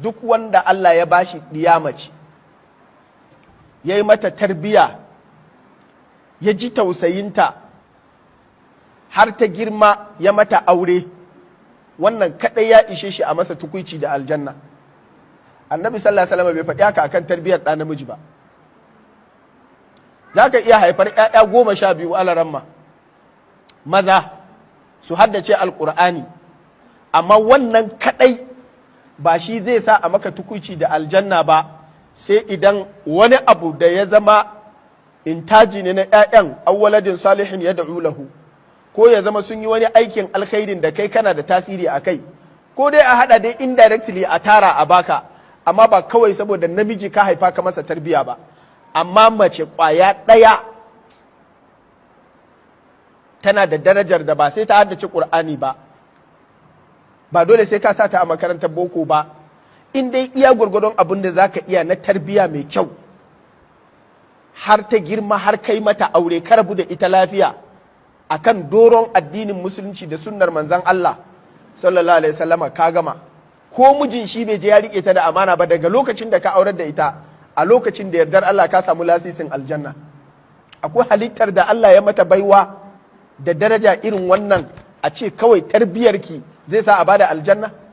duk wanda Allah ya bashi ɗiya mace ya yi mata tarbiya ya ji tausayinta har ta girma ya mata aure wannan kaɗai ya ishe shi a masa tukuci da aljanna annabi sallallahu alaihi bai faɗi haka akan tarbiyar da namiji ba za ka iya haifar ‘ya'ya goma sha biyu alaramma maza su haddace alƙur'ani amma wannan kaɗai ba shi zai sa a maka tukuci da aljanna ba sai idan wani abu da ya zama in taji ne na 'ya'yan awwaladin salihin ya da'u lahu ko ya zama sun yi wani aikin alkhairin da kai kana da tasiri a kai ko dai a hada dai indirectly a tara a baka amma ba kawai saboda namiji ka haifa ka masa tarbiya ba amma mace kwaya ɗaya tana da darajar da ba sai ta haddace ƙur'ani ba ba dole sai ka sata a makarantar boko ba in dai iya gwargwadon abin da za ka iya na tarbiyya mai kyau har ta girma har kai mata aure ka da ita lafiya akan doron addinin musulunci da sunnar manzan Allah sallallahu alaihi wasallama ka gama ko mijin shi bai je ya rike ta da amana ba daga lokacin da ka aurar da ita a lokacin da yardar Allah ka samu lasisin aljanna akwai halittar da Allah ya mata baiwa da daraja irin wannan a ce kawai tarbiyarki zai sa a bada aljanna